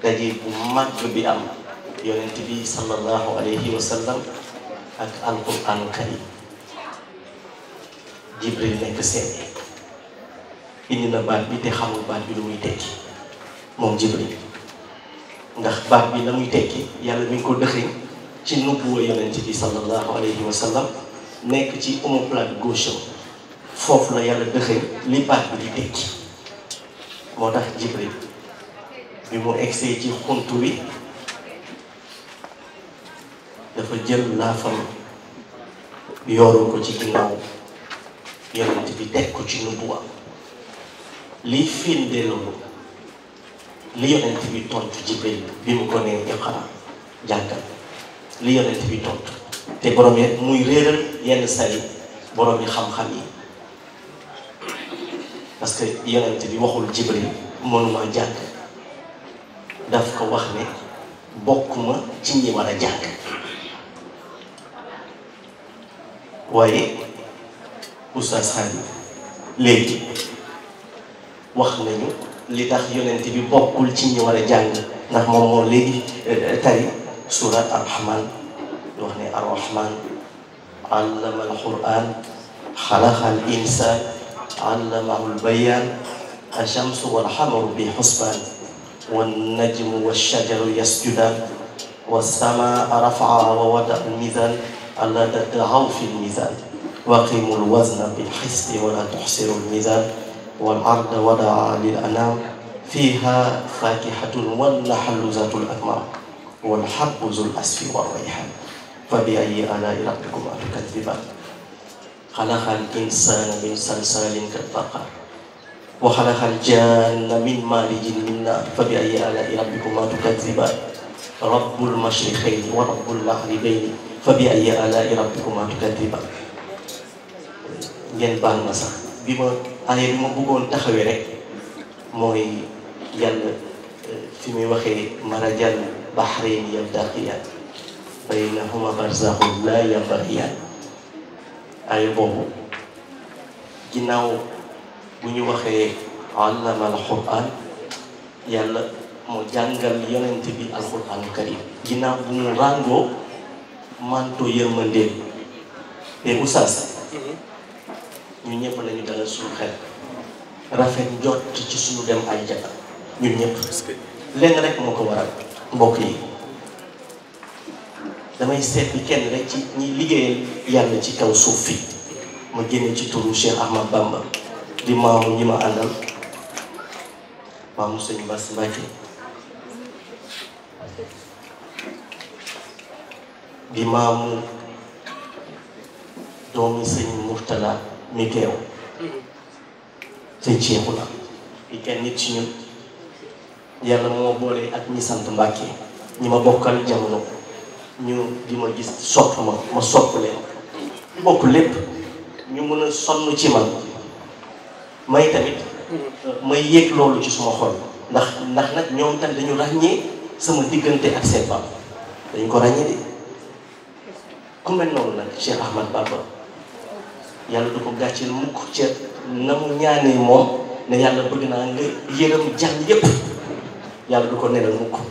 daje bu màgg bi am yonent bi sallallahu alayhi wa sallam ak alquran karim jibril nekk seet indi na baat bi te xamul baat bi lu muy tekki moom jibril ndax baat bi la muy tekki yàlla mi ngi ko dëxiñ ci nubbuwa yonent bi sallallahu alayhi wa nekk ci omoplate gauche foofu la yàlla dëxiñ li baat bi di tekki moo tax jibril bi mu egsee ci xunt wi dafa jël laafam yooru ko ci ginnaaw yonent bi teg ko ci nubuwa liy firnde loolu li yonent bi tontu Jibril bi mu ko nee iqra li yonent bi tontu te borom yi muy réeral yenn sari borom yi xam-xam yi parce que yonent bi waxul Jibril mënuma jàng daf ko wax ne bokkuma ci ñi war a jàng waaye oustaz Xaadim léegi wax nañu li tax yonent bi bokkul ci ñi war a jàng ndax moom moo léegi eh, tari surat arrahman di wax ne arrahman allama alquran xalaqa al insan allamahu albayan alchamsu walxamaru bi xusbaan والنجم والشجر يسجدان والسماء رفعها ووضع الميزان ألا تطغوا في الميزان وأقيموا الوزن بالقسط ولا تحسروا الميزان والأرض وضعها للأنام فيها فاكهة والنخل ذات الأكمام والحب ذو الأسف والريحان فبأي آلاء ربكما تكذبان خلق الإنسان من صلصال كالفخار وخلق الجان من مارج من نار فبأي آلاء ربكما تكذبان رب المشرقين ورب المغربين فبأي آلاء ربكما تكذبان ngeen baal ma sax bi ma aaya bi ma bëggoon taxawee rek mooy yàlla fi muy waxee marajal baxrayn yaltaqiyaan baynahuma barzaxun laa yabgiyaan aaya boobu ginnaaw bu ñu waxee allama alquran yàlla moo jàngal yonent bi alquran karim ginnaaw bu mu ràngoo manto yërmandeel te oustaz ñu ñëpp lañu dalal suñu xel rafet njot ci suñu dem ay jana ñun ñëpp lenn rek moo ko waral mbokk yi damay seet bi kenn rek ci ñi liggéeyal yàlla ci kaw suuf fi ma génne ci turu Cheikh Ahmad Bamba di maamu ñi ma àndal maamu sëñ Bass Mbacke di maamu doomi sëñ Murtala mi teew sëñ Ceexu la di kenn ci ñun yàlla moo boole ak ñi sant Mbacke ñi ma bokkal jamono ñu di ma gis sopp ma ma sopp leen bokk lépp ñu mën a sonn ci man may tamit mm-hmm. may yéeg loolu ci suma xol ndax ndax nag ñoom tamit dañu ràññee sama diggante ak seen baab dañ ko ràññee de ku mel noonu nag Cheikh Ahmad Bamba yàlla du ko gàcceel mukk ci na mu ñaanee moom ne yàlla bëgg naa nga yërëm jàmm yépp yàlla du ko nenal mukk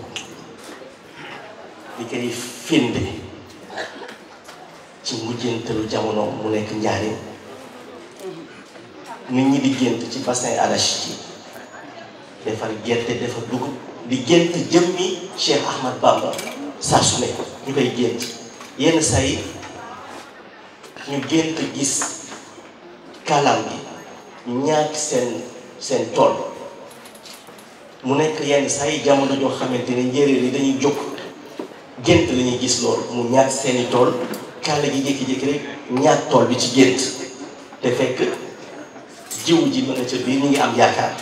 li koy finde ci mujjantalu jamono mu nekk njaarim ñu ñi di gént ci bassin arachidier defar gerte defar dugub di gént jëmmi Cheikh Ahmad Bamba saa su ne ñu koy gént yenn saa yi ñu gént gis kalam bi ñaak seen seen tool mu nekk yenn saa yi jamono joo xamante ne njéeréer yi dañuy jóg gént la gis loolu mu ñaak seeni tool kàlla gi jékki-jékki rek ñaak tool bi ci gént te fekk jiw ji ma nga ca biir ñu ngi am yaakaar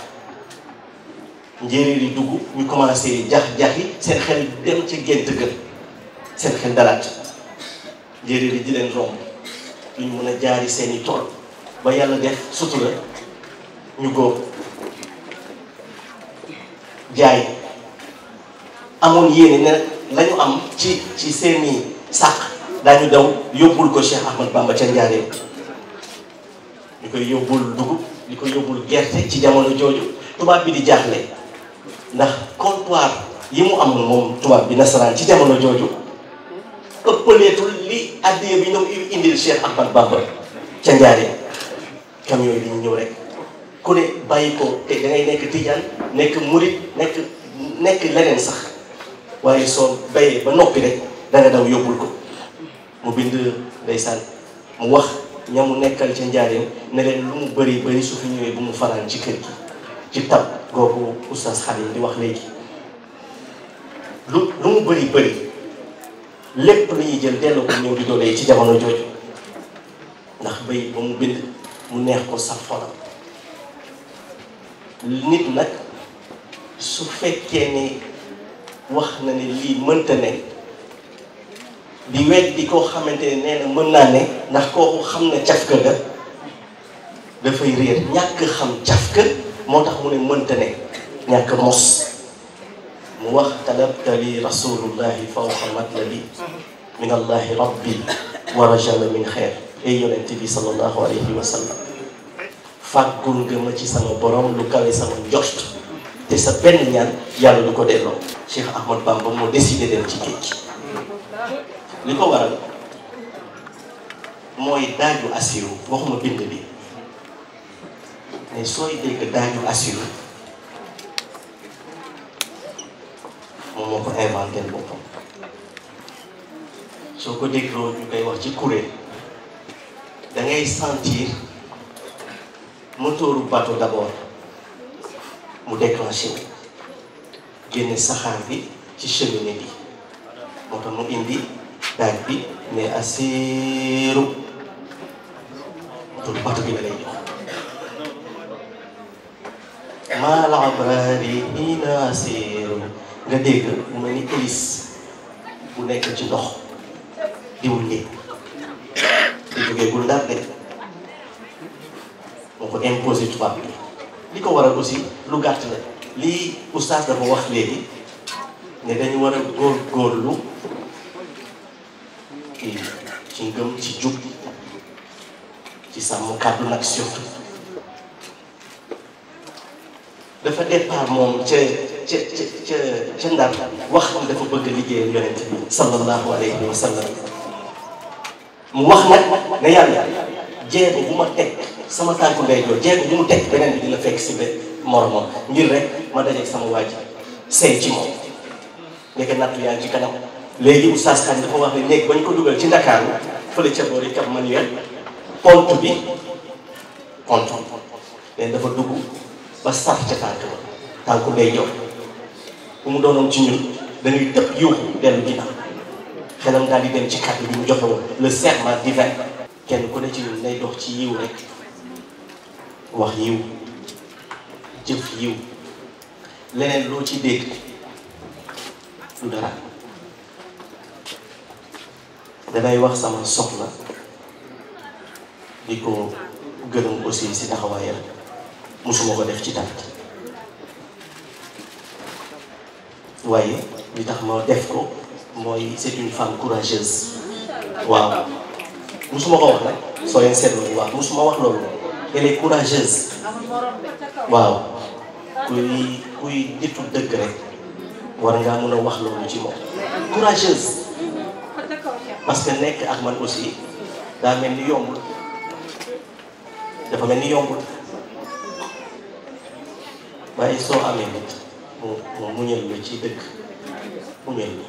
njéeréer yi dugg ñu commencé jax-jaxi seen xel dem ci gént gën seen xel dalaat njéeréer yi di leen romb duñ mën a jaari seeni tool ba yàlla def sutura ñu góob jaay amoon yéene lañu am ci ci seeni sàq daañu daw yóbbul ko Cheikh Ahmad Bamba ca Njaaréem ñu koy yóbbul dugub li ko yóbbul gerte ci jamono jooju tubaab bi di jaaxle ndax comptoir yi mu am moom tubaab bi nasaraan ci jamono jooju ëppaleetul li addiya bi ñoom indil Cheikh Ahmad Bamba ca njaaree camion yi ñu ñëw rek ku ne bàyyi ko te da ngay nekk tijaan nekk murit nekk nekk leneen sax waaye soo bayee ba noppi rek da nga daw yóbbul ko mu bind ndeysaan mu wax ña nekkal ca njaareem ne leen lu mu bëri bëri su fi ñëwee bu mu fanaan ci kër gi ci tab googu oustaz Xadim di wax léegi lu lu mu bari bëri lépp lu ñuy jël delloo ko ñëw di doolee ci jamono jooju ndax bay ba mu bind mu neex ko sax xolam nit nag su fekkee ne wax na ne lii mënta ne di wet di koo xamante ne nee na mën naa ne ndax kooku xam na cafka ga dafay réer ñàkk xam cafka moo tax mu ne mënta ne ñàkk mos mu wax talabtali rasulullahi fawqa matlabi min allahi rabbi wa rajala min xeer ay yonente bi salallahu alayhi wa sallam fàggul nga ma ci sama borom lu kawe sama njort te sa benn ñaan yàlla du ko delloo Cheikh Ahmad Bamba moo décidé dem ci géej li ko waral mooy daaju asiru waxuma bind bi mais sooy dégg daaju asiru moom moo ko inventé boppam soo ko dégloo ñu koy wax ci kuréel dangay ngay sentir motooru bateau d'abord mu déclenché génne saxaar bi ci cheminée bi moo tax mu indi. naaj bi ne asiiru loolu bi la lay maa la abraari hiina asiiru nga dégg mu mel ni hélice bu nekk ci ndox di wul léegi di jógee gul ndar de moo ko imposé tubaab li ko waral aussi lu gàtt la lii dafa wax léegi ne dañu war a góorgóorlu jëm ci jub ci sàmm kàddu nag surtout dafa départ moom ca ca ndar wax ni dafa bëgg a liggéeyal yonent bi sallallahu wa sallam mu wax nag ne yàlla jeego bu ma teg sama tànku ndeyjoor jeego bu mu teg beneen bi dina fekk si be moromam ngir rek ma dajeeg sama waaj sey ci moom nekk natt yaa ngi ci kanam léegi oustaz Kane dafa wax ne néeg ba ñu ko dugal ci Ndakaaru fële ca boori Cap Manuel pont bi pont leen dafa dugg ba saf ca tànk ku tànku day jox mu doonoon ci ñun dañuy tëb yóbbu dellu ginnaaw xelam daal di dem ci bi mu joxe woon le serment divin kenn ku ne ci ñun day dox ci yiw rek wax yiw jëf yiw leneen loo ci dégg lu dara damay wax sama soxna di ko gërëm aussi si taxawaayam musuma ko def ci tànt waaye li tax ma def ko mooy c'est une femme courageuse waaw musuma ko wax nag soo leen seetlu waaw musuma wax loolu elle est courageuse waaw kuy kuy nitu dëgg rek war ngaa mën a wax loolu ci moom courageuse parce que nekk ak man aussi daa mel ni yombul dafa mel ni yombul waaye soo amee nit mu mu muñal la ci dëkk muñal la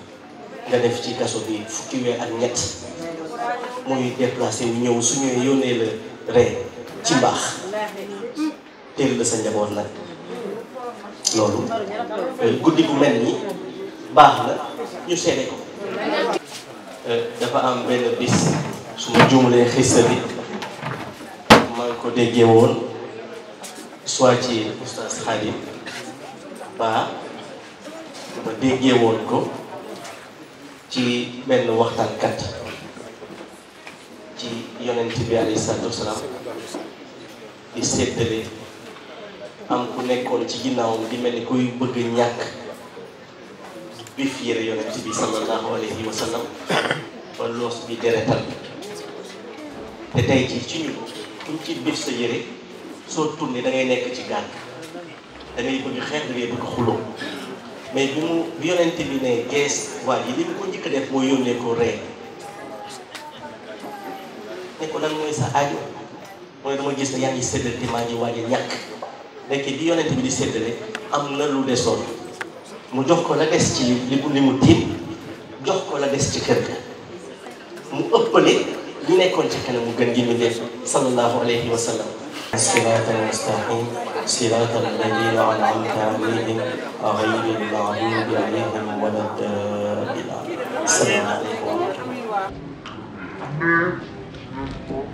nga def ci kaso bi fukki weer ak ñett muy déplacé wu ñëw su ñëwee yónnee la ree ci mbaax teel la sa njaboot nag loolu guddi gu mel ni baax na ñu seede ko. Euh, dafa am benn bis su ma juumlee xista bi maa ngi ko déggee woon soit ci oustaz Khadim ma déggee woon ko ci benn waxtaankat ci yonent bi alayhi salaatu wasalaam di séddale am ku nekkoon ci ginnaawam di mel ni kuy bëgg ñàkk bif yére yonent bi sallallahu alayhi wa sallam ba loos bi deretal te tey jii ci ñu kuñ ci bif sa yére soo tourné da ngay nekk ci gànn da ngay bëgg xeex da ngay bi mu bi yonent bi ko njëkk a def mooy yónnee ko ree ne ko mooy sa aajo mooy dama gis ne yaa ngi séddale te maa ngi waaj a ñàkk nekk bi yonent bi di séddale am na lu desoon mu jox ko la des ci li li mu tiim jox ko la des ci kër ga mu ëppale li nekkoon ci kanam mu gën gi mu def sallallahu alayhi wa sallam الصراط المستقيم صراط الذين أنعمت عليهم غير المغضوب عليهم ولا الضالين السلام عليكم ورحمة الله